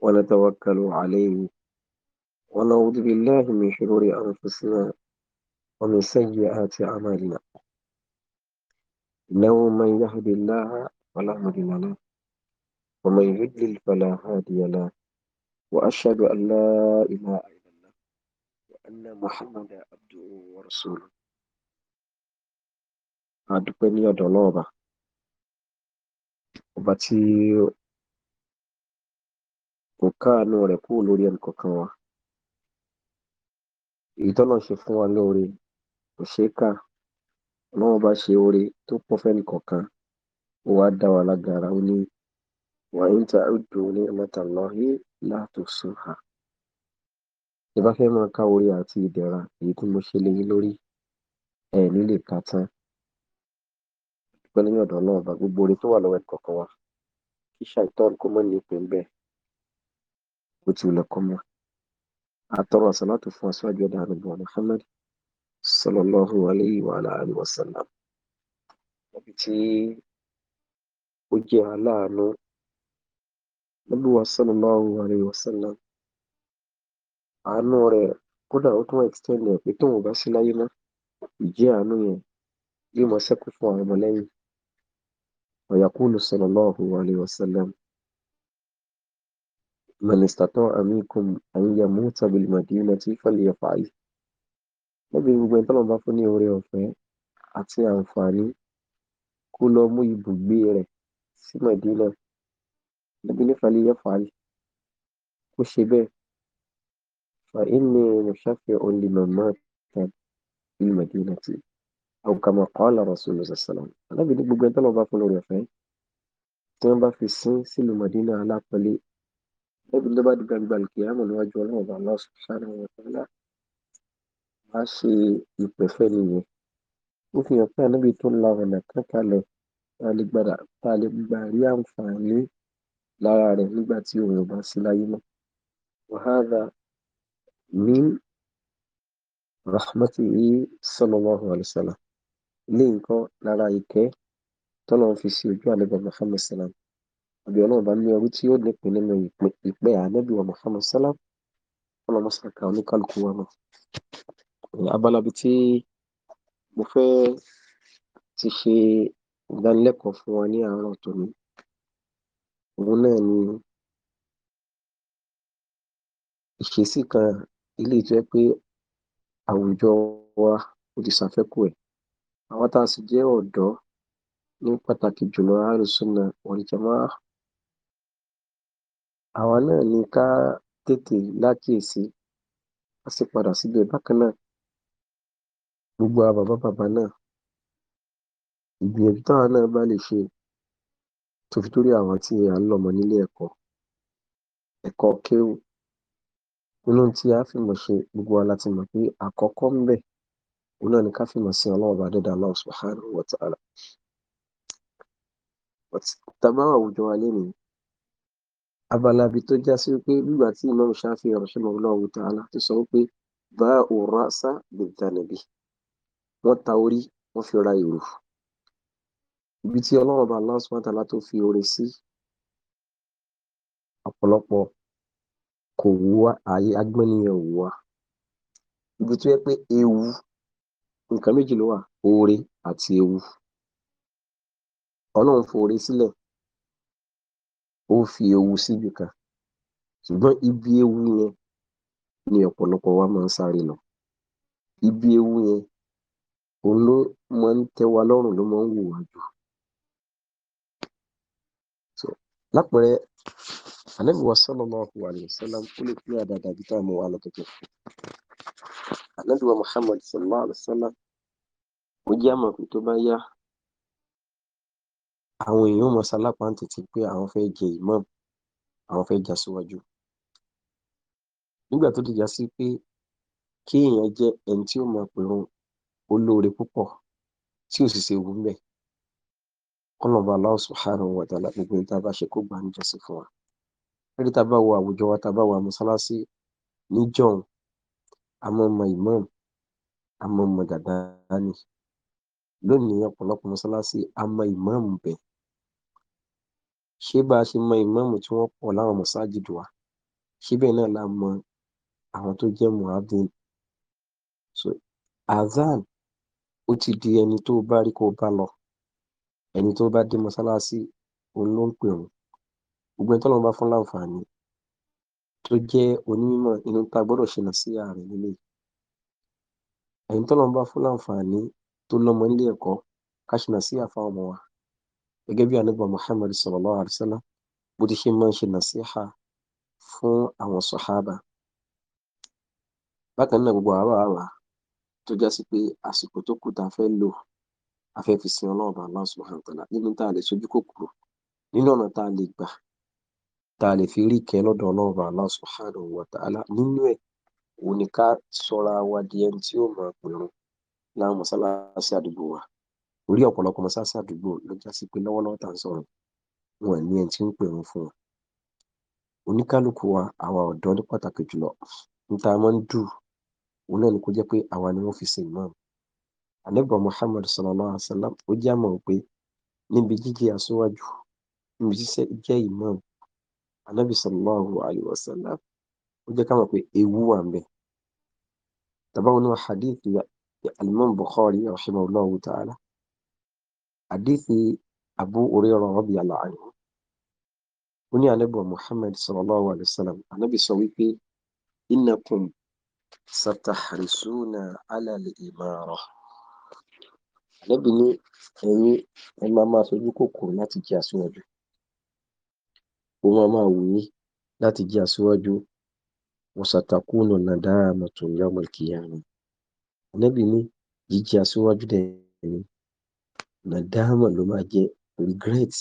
ونتوكل عليه ونعوذ بالله من شرور أنفسنا ومن سيئات أعمالنا إنه من يهد الله فلا مضل له ومن يضلل فلا هادي له وأشهد أن لا إله إلا الله وأن محمدا عبده ورسوله أدعو يا ọ̀dọ̀ ọlọ́ọ̀bà kò káàánú rẹ̀ kúrò lórí ẹnìkọ̀ọ̀kan wa èyí tọ́lọ̀ ṣe fún wa lóore kò ṣeé bá ṣe oore tó pọ̀ fẹ́nìkọ̀ọ̀kan ó wá dá wa lágara ó ní ta ọdún ní ọmọtàlọ́hí látòsùnhà ẹ bá fẹ́ máa ní tán lẹ́yìn bá gbogbo oore tó wà lọ́wọ́ wa kí mọ́ ní ìpín bó ti wulẹ̀ kọ́ mọ́ àtọrọ àsàlátù fún aṣáájú ẹ̀dá àdúgbò Muhammad sallallahu alayhi wa alayhi wa sallam níbi tí ó jẹ́ aláàánú níbi wa sallallahu alayhi wa sallam àánú rẹ̀ kódà ó tún extend ẹ̀ pé tóun bá sí láyé mọ́ ìjẹ́ àánú yẹn yóò máa ṣẹ́kù fún àwọn ọmọlẹ́yìn ọ̀yàkùnù sallallahu alayhi wa sallam. من استطاع منكم أن يموت بالمدينة فليفعل níbi gbogbo ẹni tọ́lọ́run bá fún ní oore ọ̀fẹ́ àti àǹfààní kó lọ mú ibùgbé rẹ̀ sí Mẹ̀dínà níbi nífàlẹ́ yẹ́fàálì kó ṣe bẹ́ẹ̀ fa inni mushafi'un liman mata fil madinati aw kama qala rasulullah sallallahu alaihi wasallam níbi ní gbogbo ẹni tọ́lọ́run bá fún lóore ọ̀fẹ́ tí wọ́n bá fi sin sílùú Mẹ̀dínà alápẹ̀lẹ́ níbi tó bá di gbangba kìámù níwájú ọlọ́run ọba náà sáré wọn tọ́lá wá ṣe ìpẹ́fẹ́ nìyẹn ó fi hàn pé ànábì tó la ọ̀nà kan kalẹ̀ tá a lè gbà rí àǹfààní lára rẹ̀ nígbà tí òun ò bá sí láyé mọ́ wàhálà min rahmatihi sallallahu alayhi wa sallam ní nǹkan lára ìkẹ́ tọ́lọ́ fi ṣe ojú àlebà muhammed sallam àbí ọlọ́run bá ní ẹrú tí ó nípìn nínú ìpẹ́ ànábì wa Muhammad sálá ọlọ́run sàkà oníkálukú wa mọ̀. abala bíi tí mo fẹ́ ti ṣe ìdánilẹ́kọ̀ọ́ fún wa ní àárọ̀ tòní òun náà ni ìṣesí kan eléyìí tó jẹ́ pé àwùjọ wa kò ti ṣàfẹ́kù ẹ̀ àwọn tá a sì jẹ́ ọ̀dọ́ ní pàtàkì jùlọ àrùsùn náà wal awa náà ni ká tètè lákìíyèsí, a sì padà síbẹ̀. Bákan náà, gbogbo àwa bàbá náà, ìgbìyànjú táwa náà bá lè ṣe tó fi dórí àwa tí à ń nílé ẹkọ tí a gbogbo wa mọ̀ pé àkọ́kọ́ náà ni ká Ọlọ́run abala ibi tó já sí pé nígbà tí imam shafi rahimahullahu ta'ala tó sọ pé bá òrà sá bìtànàbí wọ́n ta orí wọ́n fi ra èrò ibi tí ọlọ́run bá Allah subhanahu wa ta'ala tó fi oore sí ọ̀pọ̀lọpọ̀ kò wú wá ààyè agbẹ́niyàn wù wá ibi tó yẹ pé ewu nǹkan méjì ló wà oore àti ewu ọlọ́run fòore sílẹ̀ ó fi ewu síbì kan ṣùgbọ́n ibi ewu yẹn ni ọ̀pọ̀lọpọ̀ wa máa ń sáré Ibi ewu yẹn òun ló máa ń wa lọ́rùn ló máa ń So lápẹẹrẹ Ànábì wa sallallahu alayhi wa sallam ó lè pín a wa lọ kẹ̀kẹ́. Ànábì wa Muhammad sallallahu alayhi ó jẹ́ àwọn èèyàn ó mọ sálápáǹtìtì pé àwọn fẹ́ jẹ imam àwọn fẹ́ já síwájú nígbà tó ti já sí pé kí èèyàn jẹ́ ẹni tí ó mọ pẹ̀rùn olóore púpọ̀ tí ò sì ṣe wù mẹ́ kọ́lọ̀bà Allah subhanahu wa ta'ala gbogbo ní tá a bá ṣe kó gbà níjọsìn fún wa lórí tá a bá wo àwùjọ wa tá a bá wo mọ́sálásí níjọ́un a máa ń mọ imam lónìí ọ̀pọ̀lọpọ̀ mọ́sálásí a mọ imam bẹ́ẹ̀ ṣé bá a ṣe mọ ìmáàmù tí wọ́n pọ̀ láwọn mọ̀sáàjìdì wa ṣé náà la mọ àwọn tó jẹ́ muhammed so azan ó ti di ẹni tó bá rí kó bá lọ ẹni tó bá dé mọ́sálásí òun ló ń pè òun gbogbo ẹni tọ́lọ́run bá fún láǹfààní tó jẹ́ onímọ̀ inú ta gbọ́dọ̀ ṣe sí ààrẹ nílé ẹni tọ́lọ́run bá fún láǹfààní tó lọ́mọ nílé ẹ̀kọ́ ká ṣe sí àfáwọn ọmọ wa gẹ́gẹ́ bí anábọ̀ Muhammad sallallahu alaihi wasallam bó ti ṣe máa ń ṣe nàṣíhà fún àwọn sọ̀hábà bákan náà gbogbo àwa àwa tó já sí pé àsìkò tó kù tá a fẹ́ lò a fẹ́ fi sin ọlọ́ọ̀bà Allah subhanahu wa ta'ala nínú tá a lè sojú kòkòrò nínú ọ̀nà tá a lè gbà tá a lè fi rí ìkẹ́ lọ́dọ̀ ọlọ́ọ̀bà Allah subhanahu wa ta'ala nínú ẹ̀ òun ká sọra wa di ẹni tí ó máa pèrun láwọn mọ́sálásí àdúgbò wa orí ọ̀pọ̀lọpọ̀ mọ́sáàsì àdúgbò ló já sí pé lọ́wọ́lọ́wọ́ tá à ń sọ̀rọ̀ wọn ní ẹni tí ń pèrún fún wọn oníkálukú wa àwa ọ̀dọ́ ní pàtàkì jùlọ ń máa ń dù òun náà ni kó jẹ́ pé àwa ni wọ́n fi ṣe imam ànábì Muhammad sallallahu alaihi wa sallam ó jẹ́ àmọ̀ pé níbi jíjẹ́ aṣíwájú níbi jíṣẹ́ jẹ́ imam ànábì sallallahu alaihi wa sallam ó jẹ́ ká mọ̀ pé ewu wà ń bẹ̀ tàbá wọn ní hadith alimam hadithi abu hurairah radiyallahu anhu ó ní ànábì muhammad sallallahu alayhi wa sallam ànábì sọ wípé innakum satahrisuna ala al-imara ànábì ní ẹ̀yin ẹ máa máa sojú kòkòrò láti jẹ́ aṣíwájú ó máa máa wù yín láti jẹ́ aṣíwájú wa satakunu nadamatu yawm ní jíjẹ́ aṣíwájú dẹ̀ ni Nadama ló máa jẹ́, regret,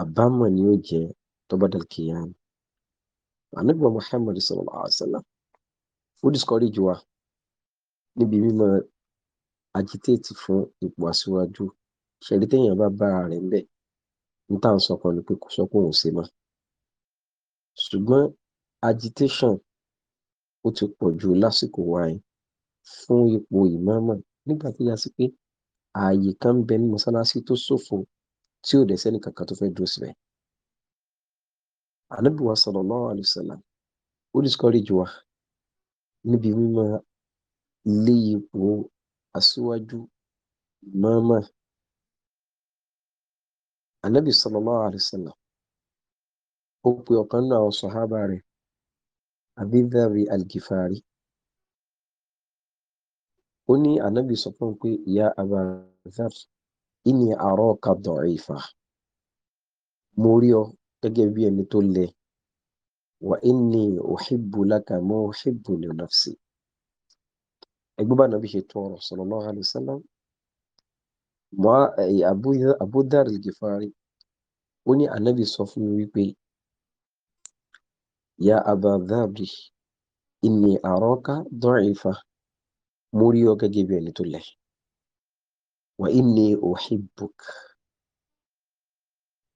àbámọ̀ ni ó jẹ́ tó bá dàl kìyàmù. Ànábì wa Muhammad sallallahu alayhi wa sallam ó discourage wa níbi mímọ agitate fún ipò aṣíwájú. Ṣẹ̀rí téèyàn bá bára rẹ̀ ńbẹ̀ n tá à ń sọ kọ́ ni pé kó sọ òun ṣe mọ́. Ṣùgbọ́n agitation ó ti pọ̀ jù lásìkò wa fún ipò ìmáàmà nígbà tó já sí pé ààyè kan ń bẹ ní mọ́sálásí tó ṣòfò tí ò dẹ̀ sẹ́ni kankan tó fẹ́ dúró síbẹ̀. Ànábì wa sallallahu alaihi wasallam ó discourage wa níbi mímọ ilé ipò aṣíwájú mọ́ọ́mọ́. Ànábì sallallahu alaihi wasallam ó pe ọ̀kan náà sọ̀hábà rẹ̀ Abidhar al-Ghifari ó ní ànábì sọ fún un pé ìyá abazar ìní àárọ̀ kàdọ̀ ìfà mo rí ọ gẹ́gẹ́ bí ẹni tó lẹ wà ìní òhìbù lákà mọ́ òhìbù ní nafsi ẹgbẹ́ bá nàbí ṣe tó ọ̀rọ̀ sallallahu alaihi wasallam mọ́ abudar gifari ó ní ànábì sọ fún mi wípé ìyá abazar ìní àárọ̀ kàdọ̀ ìfà mo rí ọ gẹ́gẹ́ bí ẹni tó lẹ̀ wà inni uhibbuk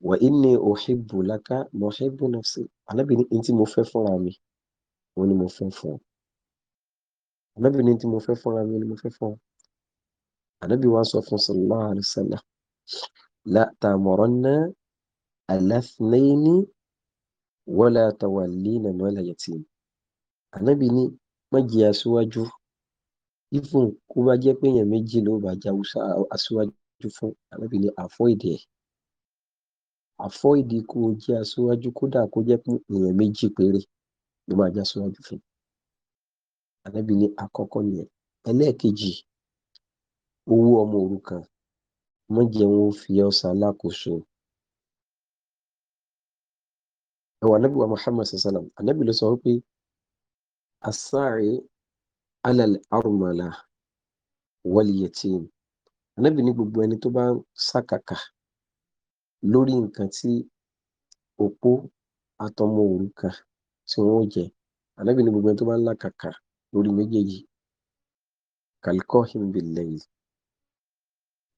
wà inni uhibbu laka mo uhibbu nafsi alábìnrin ní tí mo fẹ́ fúnra mi òun ni mo fẹ́ fún ọ alábìnrin ní tí mo fẹ́ fúnra mi ni mo fẹ́ fún ọ ànábì wa sọ fún sallallahu alayhi wa sallam la ta'muranna al-ithnayni wala tawallina má jẹ́ aṣíwájú even kó bá jẹ́ pé èèyàn méjì ló bá jà Hausa aṣíwájú fún Ànábì ní avoid ẹ̀ avoid kó o jẹ́ aṣíwájú kódà kó jẹ́ pé èèyàn méjì péré ló máa jà aṣíwájú fún Ànábì ní àkọ́kọ́ nìyẹn ẹlẹ́ẹ̀kejì owó ọmọ òrukàn má jẹ́ wọn ó fi ọ́ ṣalákòóso ẹ̀wọ̀n Ànábì wa Muhammad sallam Ànábì ló sọ wípé asáre alal arumala waliyetin anabi ní gbogbo ẹni tó bá ń ṣàkàkà lórí nǹkan tí opó àtọmọ òrukàn tí wọn jẹ anabi ní gbogbo ẹni tó bá ń làkàkà lórí méjèèjì kalikohim bilayi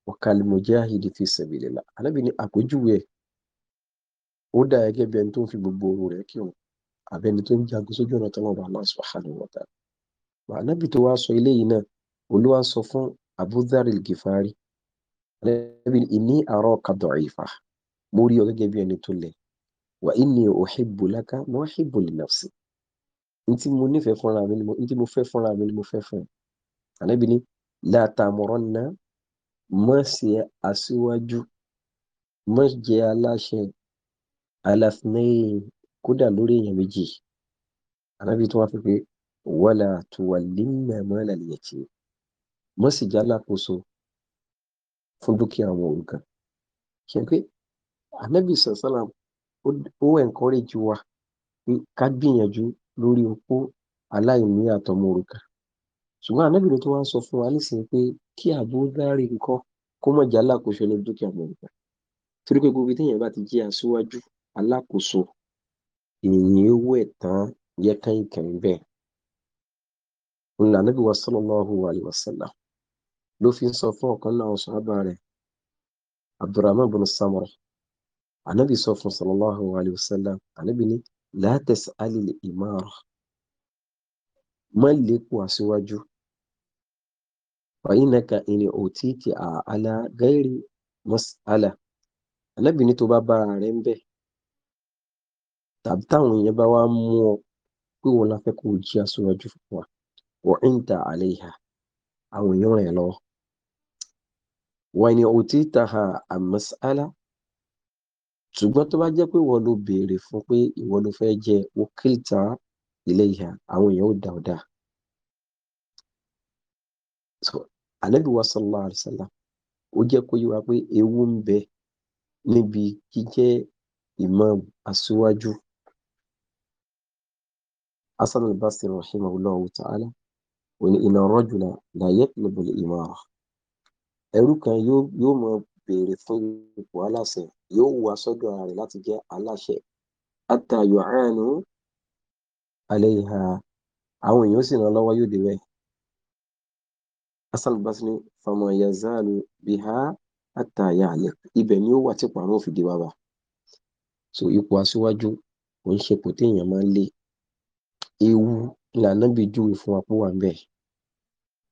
wakalimujahidi fi sabilillah anabi ní àpèjúwe ó dà gẹ́gẹ́ bí ẹni tó ń fi gbogbo oru rẹ̀ kírun àbẹni tó ń jagun sójú ọ̀nà tọ́lọ́ba Allah subhanahu wa ànábì tó wá sọ eléyìí náà olúwa sọ fún abudari gifari ànábì ìní àárọ̀ kadọ̀ ìfà mo rí ọ gẹ́gẹ́ bí ẹni tó lẹ̀ wà ìní òhìbù lákà mo hìbù lè nàfsì ntí mo nífẹ̀ẹ́ fúnra mi ni mo ntí mo fẹ́ fúnra mi ni mo fẹ́ fún ẹ ànábì ní látàmúrọ̀ náà mọ̀ sí aṣíwájú mọ̀ jẹ́ aláṣẹ aláfínẹ́yìn kódà lórí èèyàn méjì ànábì tó wá fi pé wala tuwallinna malal yatim mọ́ sì jẹ́ alákòóso fún dúkìá àwọn òrukàn ṣe pé anabi sọ̀sọ́là ó encourage wa pé ká gbìyànjú lórí opó aláìní àtọmọ òrukàn ṣùgbọ́n anabi ló tún wá ń sọ fún wa nísìnyí pé kí Abu Dhari nǹkan kó mọ̀ jẹ́ alákòóso lórí dúkìá àwọn òrukàn torí pé gbogbo téèyàn bá ti jẹ́ aṣíwájú alákòóso èèyàn owó ẹ̀ tán yẹ́kẹ́yìnkẹ́ ń bẹ́ẹ̀ Ànábì wa sallallahu alayhi wa sallam ló fi ń sọ fún ọ̀kan náà sọ́hábà rẹ̀ Abdurrahman bin Samura Ànábì sọ fún sallallahu alayhi wa sallam Ànábì ní la tas'ali al-imara má lékun aṣíwájú fa innaka in utiti ala ghairi mas'ala Ànábì ní tó bá bára rẹ̀ ń bẹ̀ tàbí táwọn èèyàn bá wá mú ọ pé wọn la kó o jí aṣíwájú fún wa. وانت عليها àwọn èèyàn ràn lọ wà ní òtí taha àmọ́sálà ṣùgbọ́n tó bá jẹ́ pé wọ́n ló béèrè fún pé ìwọ ló fẹ́ jẹ wọ́kìlìtà ilé ìhà àwọn èèyàn ò dá ọ̀dà ànábì wa sallallahu alaihi ó jẹ́ kó yíwa pé ewu ń bẹ níbi jíjẹ́ imam aṣíwájú hasan al-basri rahimahullah ta'ala òní iná rọ́jùlá láyé lóbulẹ̀ ìmọ̀ràn ẹrú kan yóò mọ béèrè fún ipò aláṣẹ yóò wá sọ́dọ̀ ara rẹ̀ láti jẹ́ aláṣẹ àtàyọ̀ àánú alẹ́ ìhà àwọn èèyàn sì ràn lọ́wọ́ yóò débẹ̀ hasan basni famayazalu biha àtàyà àlẹ ibẹ̀ ni ó wà tí pàrọ̀ òfin di bàbá so ipò aṣíwájú kò ń ṣe ipò téèyàn máa ń lé ewu lànà bíi júwe fún wà ń bẹ́ẹ̀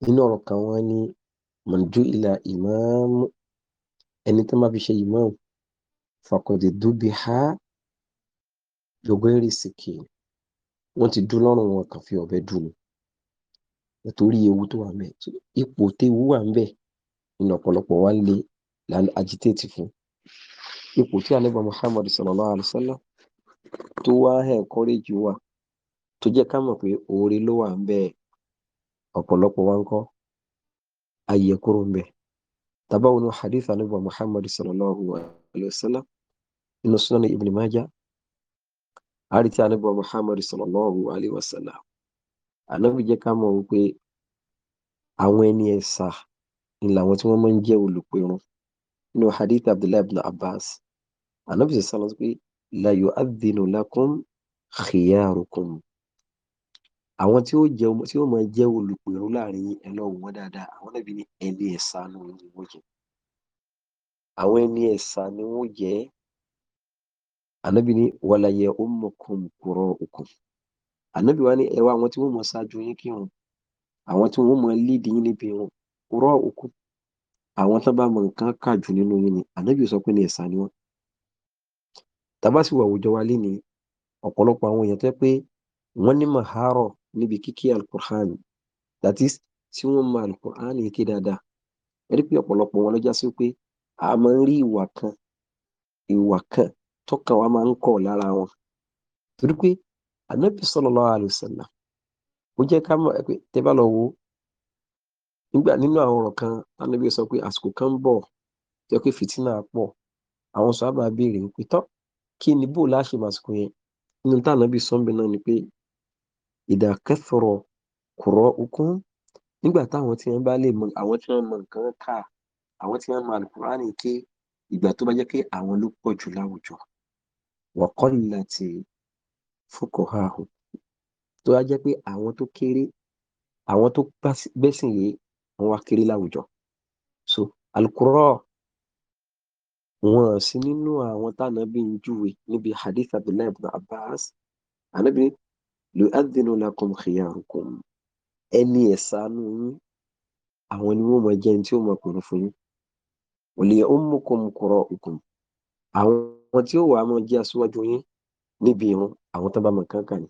nínú ọ̀rọ̀ kan wọ́n ní mọ̀jú ìlà ìmáàmù ẹni tó má fi ṣe ìmáàmù fàkọ̀dé dúbi ha yọgọ́rì sìkì wọ́n ti dún lọ́rùn wọn kàn fi ọ̀bẹ dùn ni nítorí ewu tó wà mẹ́ ipò téwu wà ń bẹ̀ nínú ọ̀pọ̀lọpọ̀ wa ń le là ń agitate fún ipò tí alẹ́ bá Muhammad sallallahu alayhi tó wá encourage wa tó jẹ́ ká mọ̀ pé oore ló wà ń ọ̀pọ̀lọpọ̀ wa ń kọ́ ayé kúrò ń bẹ̀ tabawo ní hadith anubuwa muhammad sallallahu alayhi wa sallam inú sunan ibn majah àríti anubuwa muhammad sallallahu alayhi wa sallam anabi jẹ́ ká mọ̀ wípé àwọn ẹni ẹ̀sà ni làwọn tí wọ́n máa ń jẹ́ olùpẹ̀rún nínú hadith abdullahi ibn abbas anabi sọ̀rọ̀ pé la yu'adhdhinu lakum khiyarukum àwọn tí ó jẹ tí ó máa jẹ olùpẹ̀rù láàrin yín ẹ lọ wò wọ́n dáadáa àwọn náà bí ní ẹni ẹ̀sà ni wọ́n ti wọ́n jẹ àwọn ẹni ẹ̀sà ni wọ́n jẹ ànábì ní wàlàyé ọmọkùn kúrọ òkun ànábì wa ní ẹwà àwọn tí wọ́n mọ̀ ṣáájú yín kí wọn àwọn tí wọ́n mọ̀ lídìí yín níbi wọn kúrọ òkun àwọn tó bá mọ̀ nǹkan kà jù nínú yín ni ànábì sọ pé ní ẹ̀sà ni wọ́n tàbá sì wà àwùjọ wa lé ní ọ̀pọ̀lọpọ̀ àwọn èèyàn tó pé wọ́n ní maharo níbi kíkí alukur'an that is tí wọ́n mọ alukur'an kí dáadáa ẹni pé ọ̀pọ̀lọpọ̀ wọn lọ́jà sí pé a máa ń rí ìwà kan ìwà kan tọkàn wa máa ń kọ̀ lára wọn torí pé anabi sallallahu alaihi wasallam ó jẹ́ ká mọ̀ pé tẹ́ bá lọ wo nígbà nínú àwọn ọ̀rọ̀ kan anabi sọ pé àsìkò kan ń bọ̀ pé fìtínà pọ̀ àwọn sọ àbá béèrè pé tọ́ kí ni bó láṣẹ màsìkò yẹn nínú tá anabi sọ ń bẹ náà ni pé ìdá kẹsọ̀rọ̀ kùrọ̀ okun nígbà táwọn tí wọ́n bá lè mọ àwọn tí wọ́n mọ nǹkan kà àwọn tí wọ́n mọ alukurani ké ìgbà tó bá jẹ́ pé àwọn ló pọ̀ jù láwùjọ wọ́kọ́lá ti fúkọ̀ hàhù tó bá jẹ́ pé àwọn tó kéré àwọn tó gbẹ́sìn yìí wọ́n wá kéré láwùjọ so alukurọ̀ wọn sí nínú àwọn tánà bí ń júwe níbi hadith abdullahi ibn abbas anabi yu'adhdhinu lakum khiyarukum ẹni ẹ̀sánú yín àwọn ni wọ́n máa jẹ́ ẹni tí ó máa pèrò fún yín wa li'ummukum qura'ukum àwọn tí ó wà á máa jẹ́ aṣíwájú yín níbi irun àwọn tó bá mọ̀ kankan ni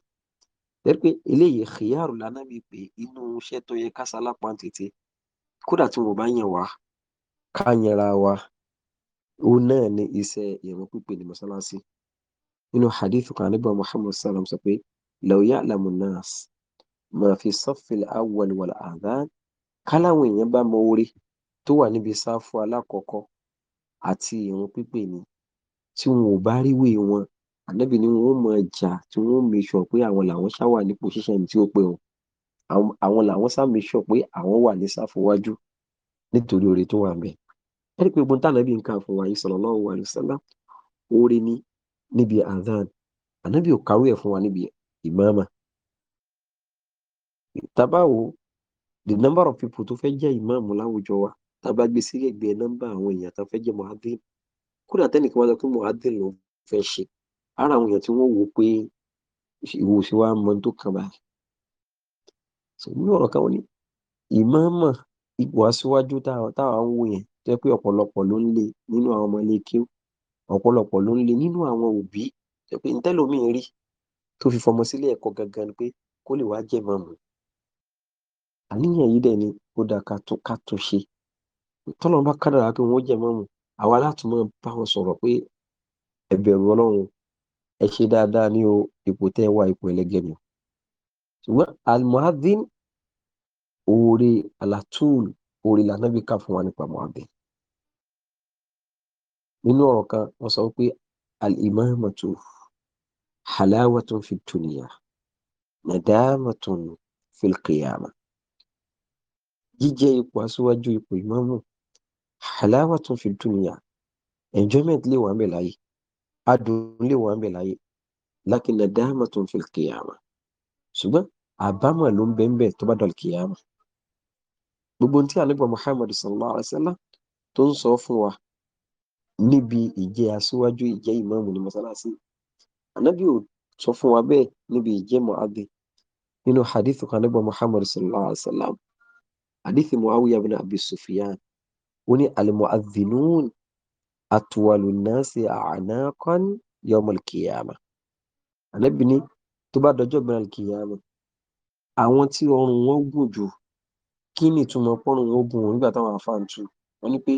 lẹ́yìn pé eléyìí khiyaru lánàá mi pé inú iṣẹ́ tó yẹ kásálà pa tètè kódà tí wọ́n bá yàn wá ká yanra wa òun náà ni iṣẹ́ ìrun pípé ní mọ́sálásí nínú hadith kan nígbà Muhammad sallam sọ pé لو يعلم الناس ما في الصف الأول saff al-awwal wal-adhan káláwọn èèyàn bá mọ oore tó wà níbi sáfù alákọ̀ọ́kọ́ àti ìrun pípè ni tí wọn ò bá ríwèé wọn ànábì ni wọn ó máa jà tí wọn ó make sure pé àwọn làwọn ṣá wà ní position tí ó pé o àwọn làwọn ṣá make sure pé àwọn wà ní sáfù nítorí oore tó wà ń bẹ ẹni pé gbọ́n tànàbí nǹkan fún wa yìí sallallahu alaihi wasallam oore ni níbi adhan ànábì ò kárú ẹ̀ fún wa níbi ẹ̀ ìmáàmà tábà wò the number of people to fẹ́ jẹ́ ìmáàmù láwùjọ wa tábà gbé sí ẹgbẹ́ nọ́mbà àwọn èèyàn tó fẹ́ jẹ́ mohadin kódà tẹ́nìkan wá sọ pé mohadin ló fẹ́ ṣe ara àwọn èèyàn tí wọ́n wò pé ìwòsí wa mọ tó kàn báyìí ṣùgbọ́n ọ̀rọ̀ kan wọ́n ní ìmáàmà ipò aṣíwájú táwa ń wò yẹn tó yẹ pé ọ̀pọ̀lọpọ̀ ló ń lé nínú àwọn ọmọ ilé kéw ọ̀pọ̀lọpọ̀ ló ń lé nínú àwọn òbí tó yẹ pé ntẹ́lómi rí tó fi fọmọ sílé ẹ̀kọ́ gangan ni pé kó lè wá jẹ́ mọ̀mù àníyàn yìí dẹ̀ ni ó dáa ká tún ká tún ṣe tọ́lọ́n bá kádàrá pé wọ́n jẹ́ mọ̀mù àwa láti máa bá wọn sọ̀rọ̀ pé ẹ ọlọ́run ẹ ṣe dáadáa ní ipò tẹ́ ẹ wá ipò ẹlẹ́gẹ̀ ni ṣùgbọ́n almuhadin oore alatul oore lànàbí kà fún wa nípa muhadin nínú ọ̀rọ̀ kan wọ́n sọ pé alimamatu حلاوة في الدنيا ندامة في القيامة jíjẹ́ ipò aṣíwájú ipò ìmáàmù halawa tún fi dunya enjoyment lè wà ń bẹ̀ láyé adùn lè wà ń bẹ̀ láyé lakin nadama tún fi kìyàmà ṣùgbọ́n àbámọ̀ ló ń bẹ ń bẹ̀ tó bá dọ̀ kìyàmà gbogbo tí ànábì muhammad sallallahu alayhi wa sallam tó ń sọ fún wa níbi ìjẹ́ aṣíwájú ìjẹ́ ìmáàmù ní mọ́sálásí ànábì ò sọ fún wa bẹ́ẹ̀ níbi ìjẹ́mọ̀ abẹ nínú hadith kan nígbà muhammad sallallahu alaihi wa sallam hadith muawiya bin abi sufyan ó ní almu'adhinun atwalu nasi a'naqan yawm alkiyama ànábì ní tó bá dọjọ́ gbẹ̀rẹ̀ alkiyama àwọn tí ọrùn wọn gùn jù kí ni ìtumọ̀ pọ́nrún wọn gùn nígbà táwọn afáǹtù wọn ni pé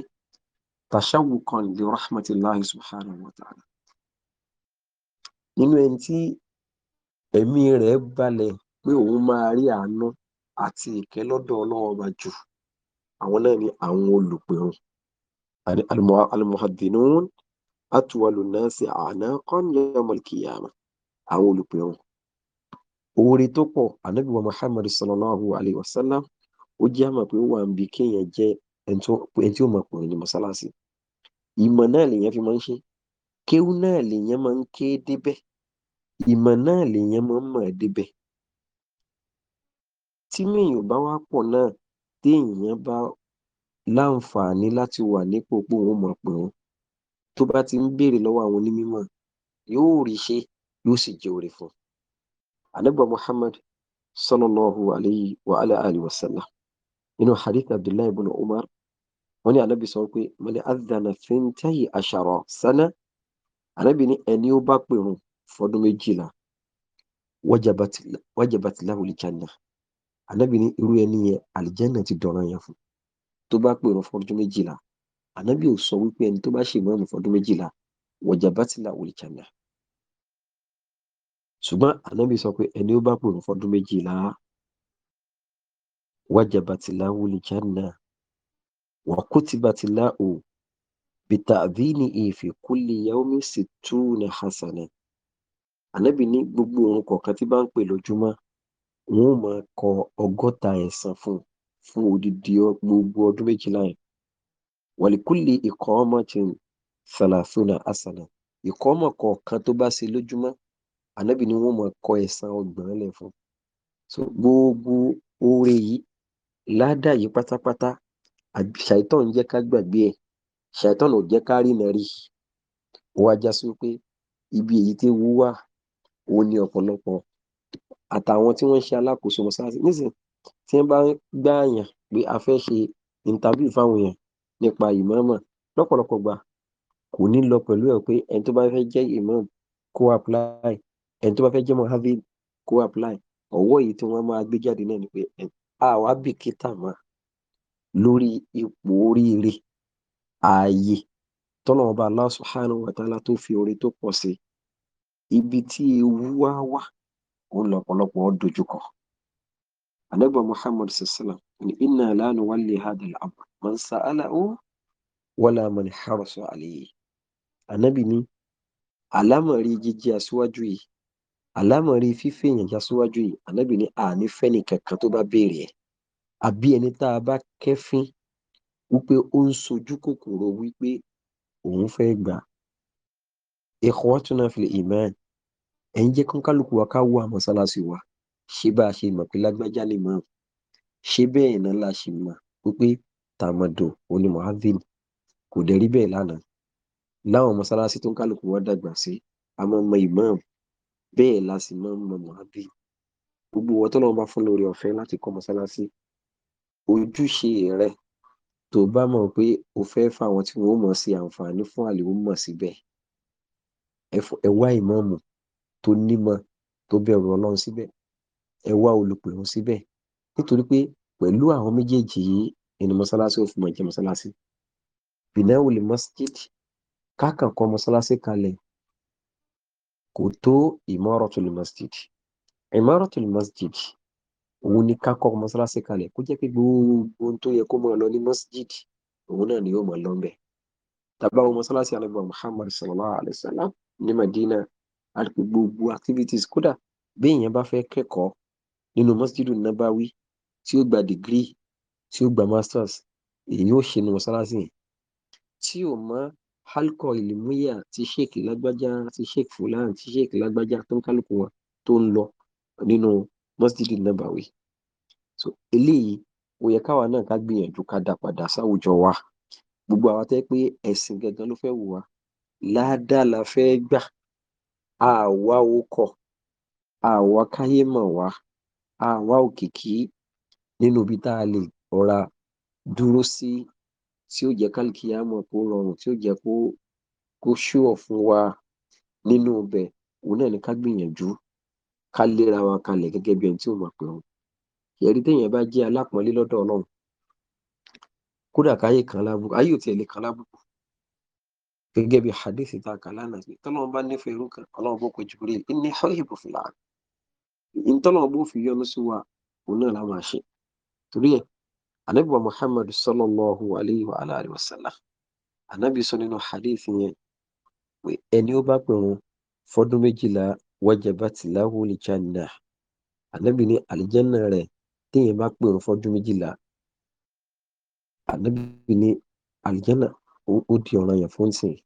tàṣàwù kan lè rahmatillahi subhanahu wa ta'ala nínú ẹni tí ẹ̀mí rẹ̀ balẹ̀ pé òun máa rí àánú àti ìkẹ́ lọ́dọ̀ ọlọ́run ọba jù àwọn náà ni àwọn olùpẹ̀rùn alimuhadinun atuwalu nasi anaqan yawmal qiyamah àwọn olùpẹ̀rùn oore tó pọ̀ ànábì wa muhammad sallallahu alayhi wa sallam ó jẹ́ àmọ̀ pé ó wà ń bi kéèyàn jẹ́ ẹni tí ó mọ̀ pọ̀ ní mọ́sálásí ìmọ̀ náà lèèyàn fi máa ń ṣe kéwú náà lèèyàn máa ń ké débẹ̀ ìmọ̀ náà lèèyàn máa ń mọ̀ débẹ̀ tímèèyàn ò bá wá pọ̀ náà téèyàn bá láǹfààní láti wà nípò póun ó máa pè wọ́n tó bá ti ń béèrè lọ́wọ́ àwọn onímọ̀ yóò rí ṣe yóò sì jẹ́ oore fún un ànábì muhammad sallallahu alayhi wa ala wa sallam nínú hadith abdullahi ibn umar wọ́n ní ànábì sọ pé man adhana fintahi ashara sana ànábì ní ẹni ó bá pèrun fọdún méjìlá wájàbàtì láwùlì jannah ànábì ní irú ẹni yẹn àlìjẹ́nà ti dọ̀ràn yẹn fún tó bá pèrò fọdún méjìlá ànábì ò sọ wípé ẹni tó bá ṣe ìmọ̀ọ́mù fọdún méjìlá wájàbàtì láwùlì jannah ṣùgbọ́n ànábì sọ pé ẹni ó bá pèrò fọdún méjìlá wájàbàtì láwùlì jannah wàkútìbàtì láwù bìtàdínì ìfìkúlì yawmi sittuna hasanah ànábì ní gbogbo òun kọ̀ọ̀kan tí bá ń pè lójúmọ́ wọn ò máa kọ ọgọ́ta ẹ̀san fún fún odidi gbogbo ọdún méjìlá yẹn wàlíkùlì ikọ̀ ọmọ ti ń sàlàsùnà àsànà ikọ̀ ọmọ kọ̀ọ̀kan tó bá ṣe lójúmọ́ ànábì ní wọn ò máa kọ ẹ̀san ọgbọ̀n lẹ̀ fún so gbogbo oore yìí ládà yìí pátápátá ṣàìtàn ń jẹ́ ká gbàgbé ẹ̀ ṣàìtàn ò jẹ́ ká rí nàrí wọ́n á já sí ibi èyí tí wú wà òun ni ọ̀pọ̀lọpọ̀ àtàwọn tí wọ́n ń ṣe alákòóso mọ́ṣáláṣí nísìnyí tí wọ́n bá ń gbà yàn pé a fẹ́ ṣe interview fáwọn èèyàn nípa ìmọ̀ọ́mọ̀ lọ́pọ̀lọpọ̀ gbà kò ní lọ pẹ̀lú ẹ̀ pé ẹni tó bá fẹ́ jẹ́ imam kó apply ẹni tó bá fẹ́ jẹ́ mohavid kó apply ọ̀wọ́ yìí tí wọ́n máa gbé jáde náà ni pé àwa bìkítà mọ́ lórí ipò oríire ààyè tọ́lọ́mọba Allah subhanahu wa ta'ala tó fi oore tó pọ̀ sí i ibi tí ewu wá wà òun lọ̀pọ̀lọpọ̀ dojúkọ. Ànábì Muhammad sallam ni inna la nuwalli hadha al-amr man sa'alahu wala man harasa alayhi. Ànábì ní àlámọ̀rí jíjẹ́ aṣíwájú yìí àlámọ̀rí fífèèyàn já síwájú yìí ànábì ní àní fẹ́ni kankan tó bá béèrè ẹ̀ àbí ẹni tá a bá kẹ́fín wípé ó ń sojú kòkòrò wípé òun fẹ́ gbà. Ikhwatuna fil iman ẹ̀ ń jẹ́ kán kálukú wa ká wo àmọ́sálásí wa ṣé bá a ṣe mọ̀ pé lágbájá lè mọ̀ ṣé bẹ́ẹ̀ náà la ṣe mọ̀ wípé tàmọ̀dùn òní mohavin kò dẹ̀ rí bẹ́ẹ̀ lánàá láwọn mọ́sálásí tó ń kálukú wa dàgbà sí a máa mọ imam bẹ́ẹ̀ la sì máa mọ mohavin gbogbo wọn tó lọ́wọ́ bá fún lórí ọ̀fẹ́ láti kọ́ mọ́sálásí ojúṣe rẹ tó bá mọ̀ pé o fẹ́ fáwọn tí wọ́n mọ̀ sí àǹfààní fún àlèwọ́ mọ̀ síbẹ̀ ẹ wá ìmọ̀ọ̀mù tó nímọ̀ tó bẹ̀rù ọlọ́run síbẹ̀ ẹ wá olùpẹ̀rún síbẹ̀ nítorí pé pẹ̀lú àwọn méjèèjì yìí inú mọ́sálásí ò fi mọ̀ jẹ́ mọ́sálásí bìnáwó lè masjid kákan kọ́ mọ́sálásí kalẹ̀ kò tó ìmọ̀rọ̀tòlù masjid ìmọ̀rọ̀tòlù masjid òun ni kákọ́ mọ́sálásí kalẹ̀ kó jẹ́ pé gbogbo ohun tó yẹ kó máa lọ ní masjid òun náà ni yóò máa lọ bẹ́ẹ̀ tàbá Muhammad sallallahu alayhi wa sallam ní Madina àti pé gbogbo activities kódà bí èèyàn bá fẹ́ kẹ́kọ̀ọ́ nínú mọ́sídìdù nàbáwí tí ó gba dìgírì tí ó gba masters èyí ó ṣe ní mọ́sálásí yẹn tí ò mọ halkọ ìlúmúyà ti sheik lágbájá ti sheik fulan ti sheik lágbájá tó ń kálukú wọn tó ń lọ nínú mọ́sídìdù nàbáwí so eléyìí ó yẹ káwa náà ká gbìyànjú ká dá padà sáwùjọ wa gbogbo àwa tẹ́ pé ẹ̀sìn gangan ló fẹ́ wù wá ládàá la fẹ́ gbà a ò wá orúkọ̀ a ò a ò wá òkìkí nínú ibi tá a lè rọra dúró sí tí ó jẹ́ kálíkìyàmọ̀ kó rọrùn tí ó jẹ́ kó kó ṣúọ̀ fún wa nínú ibẹ̀ òun náà ni ká gbìyànjú ká léra wa kalẹ̀ gẹ́gẹ́ bí ẹni tí ò mọ̀ pẹ̀rùn ẹ̀rí téèyàn bá jẹ́ alápọ̀nlé lọ́dọ̀ ọlọ́run kódà káyé kan lábùkù ayé ò tiẹ̀ lè kan lábùkù gẹ́gẹ́ bí hadithi tá a kà lánàá pé tọ́lọ́wọ́n bá nífẹ̀ẹ́ irú kan ọlọ́wọ́n bó pe Jibril ní ọ̀hìnbó fìlà ìtọ́lọ́wọ́n bó fi yọ́nú sí wa òun náà la máa ṣe torí ẹ̀ anabi wa Muhammad sallallahu alayhi wa alayhi wa sallam anabi sọ nínú hadithi yẹn pé ẹni ó bá pè wọn fọdún méjìlá wajabat lahu al-jannah anabi ní àlìjánná rẹ̀ téèyàn bá pè wọn fọdún méjìlá anabi ní àlìjánná ó di ọ̀ranyàn fún sìn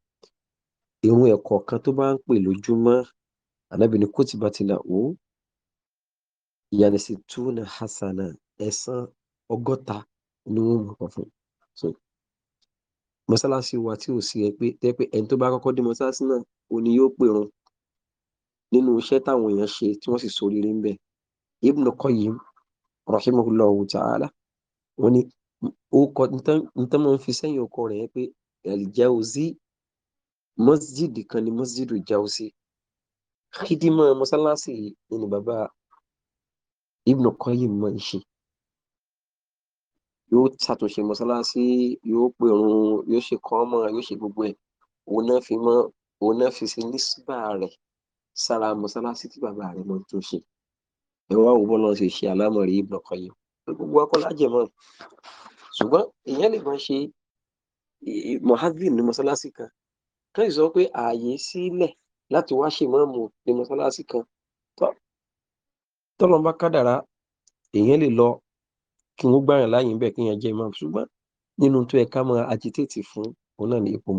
irun ẹ̀kọ́ kan tó bá ń pè lójúmọ́ ànábì ní kútìbátìlà ó ìyànìsí túnà hasana ẹ̀san ọgọ́ta ni wọ́n mọ̀ fún so mọ́sálásí wa tí ò sí ẹ pé tẹ́ pé ẹni tó bá kọ́kọ́ dé mọ́sálásí náà ò ní yóò pè run nínú iṣẹ́ táwọn èèyàn ṣe tí wọ́n sì sóríire ń bẹ̀ Ibn Qayyim rahimahullahu ta'ala wọ́n ní ó kọ́ nítorí wọ́n fi sẹ́yìn ọkọ rẹ̀ pé al-Jawzi mọ́sídìdì kan ní mọ́sídìdì jáwọ́sí hídímọ̀ masalasi ni baba Ibn Qayyim máa ń ṣe yóò ṣàtúnṣe mọ́sálásì yóò pè òun yóò ṣe kọ́ ọmọ yóò ṣe gbogbo ẹ̀ òun náà fi mọ́ òun náà fi ṣe nísìbà rẹ̀ sára mọ́sálásì tí bàbá rẹ̀ mọ́ tó ṣe ẹ wá òun bọ́lá ṣe ṣe alámọ̀rí Ibn Qayyim gbogbo ṣùgbọ́n èèyàn lè máa ṣe mohadin ní mọ́sálásì kan kán sì sọ pé ààyè sílẹ̀ láti wá ṣèmọ̀ọ́mù ní mọ́sálásí kan tọ́lọ́n bá kádàrá èèyàn lè lọ kí wọ́n gbàyàn láàyè bẹ́ẹ̀ kí èèyàn jẹ́ ìmáàmù ṣùgbọ́n nínú tó ẹ̀ka máa agitéètì fún òun náà ní ipò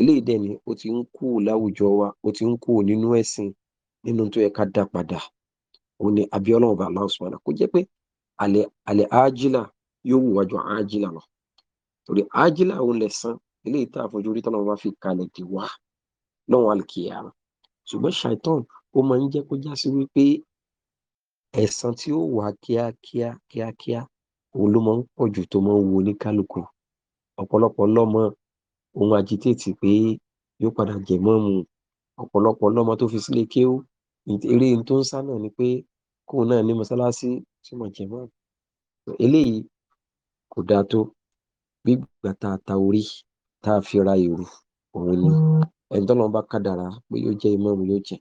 eléyìí dẹ̀ ni ti ń kú láwùjọ wa ó ti ń kú nínú ẹ̀sìn nínú tó ẹ̀ka dá padà òun ni abiola ọba aláwọ kò jẹ́ pé àlẹ ajila yóò wù wájú lọ torí san eléyìí tá a fojú rí tọ́lọ́mọ bá fi kalẹ̀ dè wá lọ́wọ́ àlùkìyàmá ṣùgbọ́n mm. ṣàìtàn ó máa ń jẹ́ kó já sí wípé ẹ̀san tí ó wà kíákíá kíákíá òun ló máa ń pọ̀ jù tó máa ń wo oníkálukú ọ̀pọ̀lọpọ̀ lọ́mọ òun agitéètì pé yóò padà jẹ̀ mọ́mu ọ̀pọ̀lọpọ̀ lọ́mọ tó fi sílé kéwú eré tó ń sá náà ni pé kóun náà ní mọ́sálásí tí mo jẹ̀ mọ́mu eléyìí kò dáa tó gbígbà tá a ta orí tá a fi ra èrò òun ni ẹni tọ́lọ́run bá kádàrá pé yóò jẹ́ ìmáàmù yóò jẹ́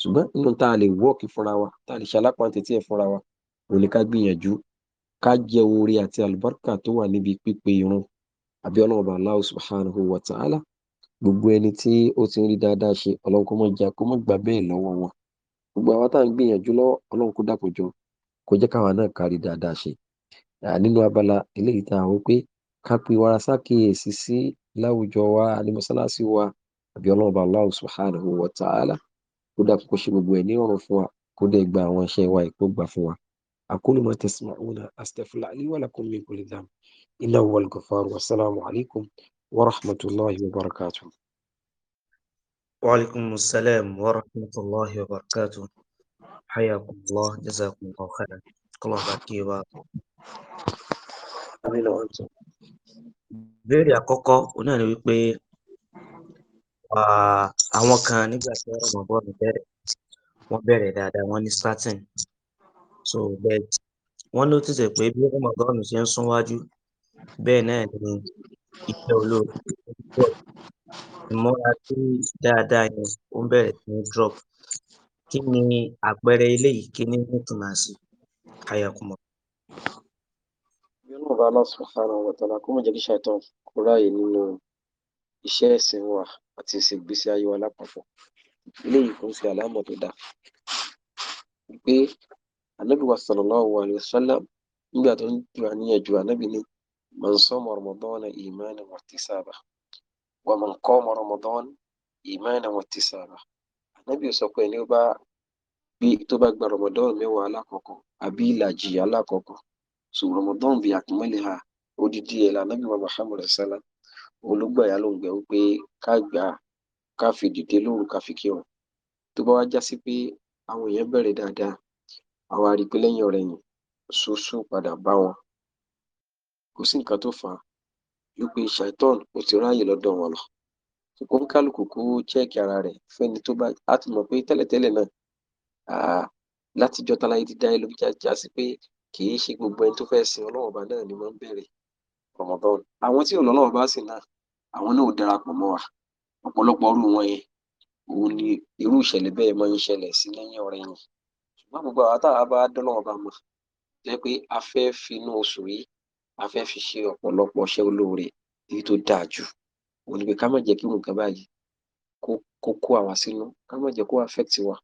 ṣùgbọ́n nínú tá a lè wọ́ọ̀kì fúnra wa tá a lè ṣe alápáǹtẹ̀tì ẹ̀ fúnra wa òun ni ká gbìyànjú ká jẹ oore àti àlùbáríkà tó wà níbi pípe irun àbí ọlọ́run bá Allah subhanahu wa ta'ala gbogbo ẹni tí ó ti ń rí dáadáa ṣe ọlọ́run kó mọ̀ jà kó mọ̀ gbà bẹ́ẹ̀ lọ́wọ́ wọn gbogbo àwọn tá à ń gbìyànjú lọ́wọ́ ọlọ́run kó dàpọ̀ jọ kó jẹ́ káwa náà kárí dáadáa ṣe nínú abala eléyìí tá a wọ pé ká pe wàrà sákèésí sí láwùjọ wa ní mọ́sálásí wa àbí ọlọ́ọ̀bà Allah subhanahu wa ta'ala kó dàpọ̀ kó ṣe gbogbo ẹ̀ ní ọ̀rọ̀ fún wa kó dẹ̀ gba àwọn iṣẹ́ wa ìkó gbà fún wa. أقول ما تسمعون أستغفر لي ولكم من كل ذنب إنه هو الغفار والسلام عليكم ورحمة الله وبركاته وعليكم السلام ورحمة الله وبركاته حياكم الله جزاكم الله خيرا الله يبارك mi lọ́wọ́ ń sọ. Ìbéèrè àkọ́kọ́ òun náà ni wí pé um àwọn kan nígbà tí Ramadan bẹ̀rẹ̀, wọ́n bẹ̀rẹ̀ dáadáa, wọ́n ní starting. So but wọ́n notice pé bí Ramadan ṣe ń sún wájú bẹ́ẹ̀ náà ni iṣẹ́ olóore pọ̀. Ìmúra sí dáadáa yẹn ó ń bẹ̀rẹ̀ sí ní drop. Kí ni àpẹẹrẹ eléyìí? Kí ni túmọ̀ sí? Hayakumullah ọlọ́run bá Allah subhanahu wa ta'ala kó má jẹ́ kí ṣàìtàn kó ráàyè nínú iṣẹ́ ẹ̀sìn wa àti ìṣègbésí ayé wa lápapọ̀ eléyìí kò ń ṣe àlámọ̀ tó dáa pé Ànábì wa sallallahu alayhi wa sallam nígbà tó ń gbà níyànjú Ànábì ni man sama Ramadana imanan wa ihtisaban wa man qama Ramadana imanan wa ihtisaban Ànábì sọ pé ẹni tó bá gbà Ramadan mẹ́wàá alákọ̀ọ́kọ́ àbí ìlàjì alákọ̀ọ́kọ́ so Ramadan bíi àkùnmọ́lẹ̀ ha odidi ẹ̀ lànà bí Muhammad sallam olùgbàyà ló ń gbẹ wípé ká gbà á ká fi dìde lóru ká fi kírun tó bá wá já sí pé àwọn èèyàn bẹ̀rẹ̀ dáadáa àwa rí i pé lẹ́yìn ọ̀rẹ́ yìí ṣoṣo padà bá wọn kò sí nǹkan tó fà á wípé shaitan ó ti ráàyè lọ́dọ̀ wọn lọ kò kálukú kó chẹ́ẹ̀kì ara rẹ̀ fẹ́ni tó bá a ti mọ̀ pé tẹ́lẹ̀tẹ́lẹ̀ náà látijọ́ tala yìí ti dá ẹ lóbi já sí pé kì í ṣe gbogbo ẹni tó fẹ́ sin ọlọ́run náà ni wọ́n ń bẹ̀rẹ̀ Ramadan àwọn tí ọ̀nà ọlọ́run ọba sìn náà àwọn náà ò darapọ̀ mọ́ wa ọ̀pọ̀lọpọ̀ irú wọn yẹn òun ni irú ìṣẹ̀lẹ̀ bẹ́ẹ̀ máa ń ṣẹlẹ̀ sí lẹ́yìn ọ̀rẹ́ yẹn ṣùgbọ́n gbogbo àwọn tá a bá dọ́lọ́run ọba mọ̀ jẹ́ pé a fẹ́ finú oṣù yìí a fẹ́ fi ṣe ọ̀pọ̀lọpọ̀ iṣẹ́ olóore èyí tó dáa jù òun ni pé ká má jẹ́ kí nǹkan báyìí kó kó àwa sínú ká má jẹ́ kó affect wa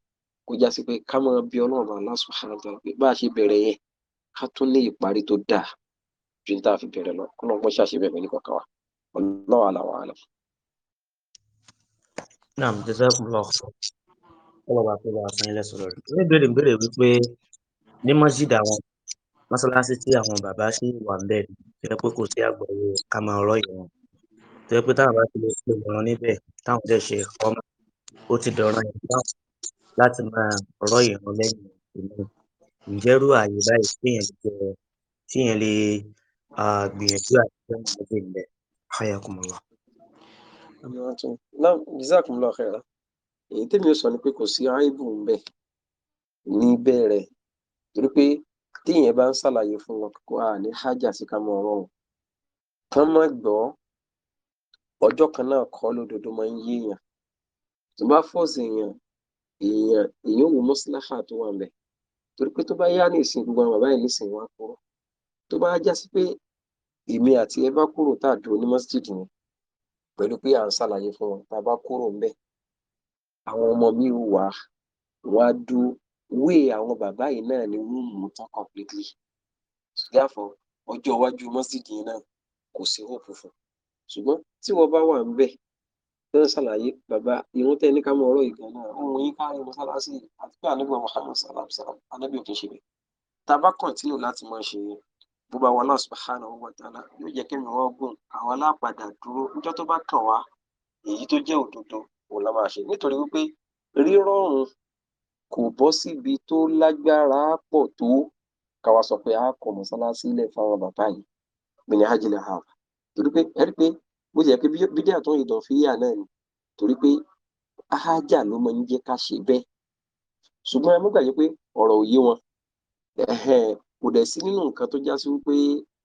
kó já sí pé ká máa bí ọlọ́run Allah subhanahu wa ta'ala pé bá a ṣe bẹ̀rẹ̀ yẹn ká tún ní ìparí tó dáa ju ní tá a fi bẹ̀rẹ̀ lọ kó lọ́n gbọ́n ṣàṣe bẹ́ẹ̀ pẹ̀lú kọ̀ọ̀kan wa ọlọ́wà làwọn àlọ́. naam jẹjẹ lọ ọlọpàá tó lọ àfihàn ilé sọ̀rọ̀ ní ìbéèrè ìbéèrè wípé ní mọ́sídà àwọn mọ́sálásí tí àwọn bàbá sí wà ń bẹ̀ tó yẹ pé kò sí àgbọ̀wé ká máa ọ̀rọ̀ ìwọ̀n tó yẹ pé táwọn bá ti lè ṣe ìwọ̀n níbẹ̀ táwọn dẹ̀ ṣe ọmọ ó ti dọ̀ràn ìgbà láti máa ọ̀rọ̀ ìwọ̀n lẹ́yìn ìlú Ǹjẹ́ irú ààyè báyìí séèyàn lè jẹ́ séèyàn lè um gbìyànjú àti ńbẹ̀? Hayakumullah. Naam Jazakumullahu khairan. Èyí témi ó sọ ni pé kò sí áíbù ńbẹ̀ níbẹ̀rẹ̀ torí pé téèyàn bá ń ṣàlàyé fún wọn a ní hájà sí ká máa rọ́ wọn. Kán má gbọ́, ọjọ́ kan náà kọ́ lódodo máa ń yéèyàn. Tó bá fọ́ọ̀sì èèyàn, èèyàn èèyàn ó wo mọ́síláhà tó wà ńbẹ̀ torí pé tó bá yá ní ìsìn gbogbo àwọn bàbá yìí nísìn wọn á kúrò tó bá já sí pé èmi àti ẹ bá kúrò tá a dúró ní mọ́sídìdì yẹn pẹ̀lú pé à ń ṣàlàyé fún wọn tá a bá kúrò ń bẹ̀ àwọn ọmọ mi ò wá wọn wé àwọn bàbá yìí náà ni wọ́n tán completely therefore ọjọ́ iwájú mọ́sídìdì yẹn náà kò sí hope fún ṣùgbọ́n tí wọ́n bá wà ń bẹ̀ tó ń ṣàlàyé bàbá ìrún tẹ́ ní ká mọ ọ̀rọ̀ ìgbà náà ń yín ká rí mọ́sálásí àti pé ànábì Muhammad salam salam ànábì òkè ṣe bẹ́ẹ̀ tá a bá kọ̀ǹtínú láti máa ṣe bó bá wà Allah subhanahu wa ta'ala yóò jẹ́ kí mi wọ́n gùn àwọn alápàdà dúró níjọ́ tó bá kàn wá èyí tó jẹ́ òdodo òun la máa ṣe nítorí wípé rírọ̀rùn kò bọ́ síbi tó lágbára pọ̀ tó káwa sọ pé a kọ̀ mọ́sálásí lẹ̀ fáwọn bàbá yìí gbìyànjú hajj rí pé bó ti yẹ pé bídíà tó ń ìdàn fíyà náà ni torí pé ájà ló máa ń jẹ́ ká ṣe bẹ́ẹ̀ ṣùgbọ́n ẹ mú gbàgbé pé ọ̀rọ̀ òye wọn kò dẹ̀ sí nínú nǹkan tó já sí wípé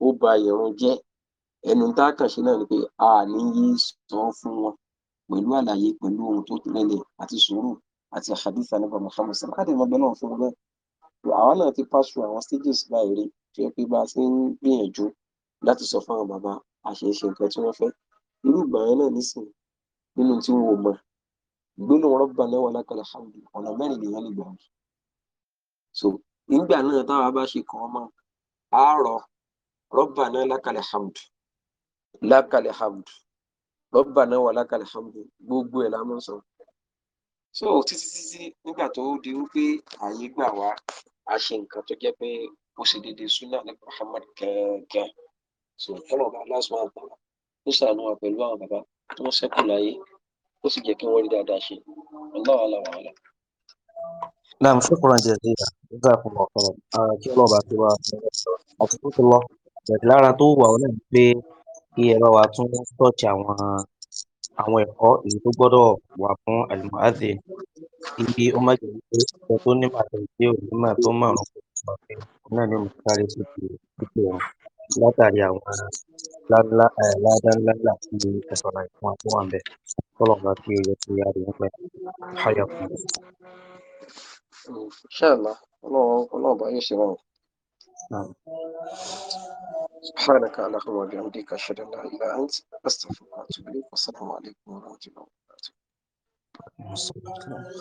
ó ba ìrun jẹ́ ẹnu tá a kàn ṣe náà ni pé a ní yí sọ fún wọn pẹ̀lú àlàyé pẹ̀lú ohun tó lẹ́lẹ̀ àti sùúrù àti àhàdísà nípa Muhammad sàlámù káàdì ìmọ̀bẹ náà fún wọn náà àwa náà ti pass àwọn stages báyìí rí tó yẹ pé bá a ṣe ń gbìyànjú láti sọ fún àwọn bàbá àṣeéṣe nǹkan tí wọ́n fẹ́ irú ìgbà yẹn náà nísìnyí nínú tí wọn ò mọ gbólóhùn rabbana wa lakal hamdu ọ̀nà mẹ́rin lèèyàn lè gbà so nígbà náà táwa bá ṣe kàn ọmọ àárọ̀ rabbana lakal hamdu lakal hamdu rabbana wa lakal hamdu gbogbo ẹ̀ la mọ̀ sọ. so títí títí nígbà tó di wípé ààyè gbà wá a ṣe nǹkan tó jẹ́ pé ó ṣe déédéé sunnah ní Muhammad kẹ̀kẹ́ so kọ́lọ̀ bá lásán àgbà ó ṣàánú wa pẹ̀lú àwọn bàbá tí wọ́n ṣẹ́kù láyé ó sì jẹ́ kí wọ́n rí dáadáa ṣe Allahu ala wa ala. Naam, shukran jazilan, jazakumullahu khairan. Kí ọlọ́ba ti wá àti tó ti lọ. Bẹ̀rẹ̀ lára tó wà ó náà ni pé kí ẹ bá wa tún tọ́ọ̀chì àwọn àwọn ẹ̀kọ́ èyí tó gbọ́dọ̀ wà fún al-mu'adhdhin ibi ó má jẹ́ pé ẹ tó ní màtẹ̀ tí ò ní mà tó mọ̀ ọ̀rọ̀ náà ni mo sáré sí ti pípé wọn látàrí àwọn ládá ńláńlá àti ẹ̀sọ̀rọ̀ ìfún àti wà ń bẹ̀. Kọ́lọ̀ bá kí o yẹ kí a rí ń pẹ́. Háyà fún mi. Ṣé àlá ọlọ́run bá yóò ṣe wọn? سبحانك اللهم وبحمدك أشهد أن لا إله إلا أنت أستغفرك وأتوب إليك والسلام عليكم ورحمة الله وبركاته.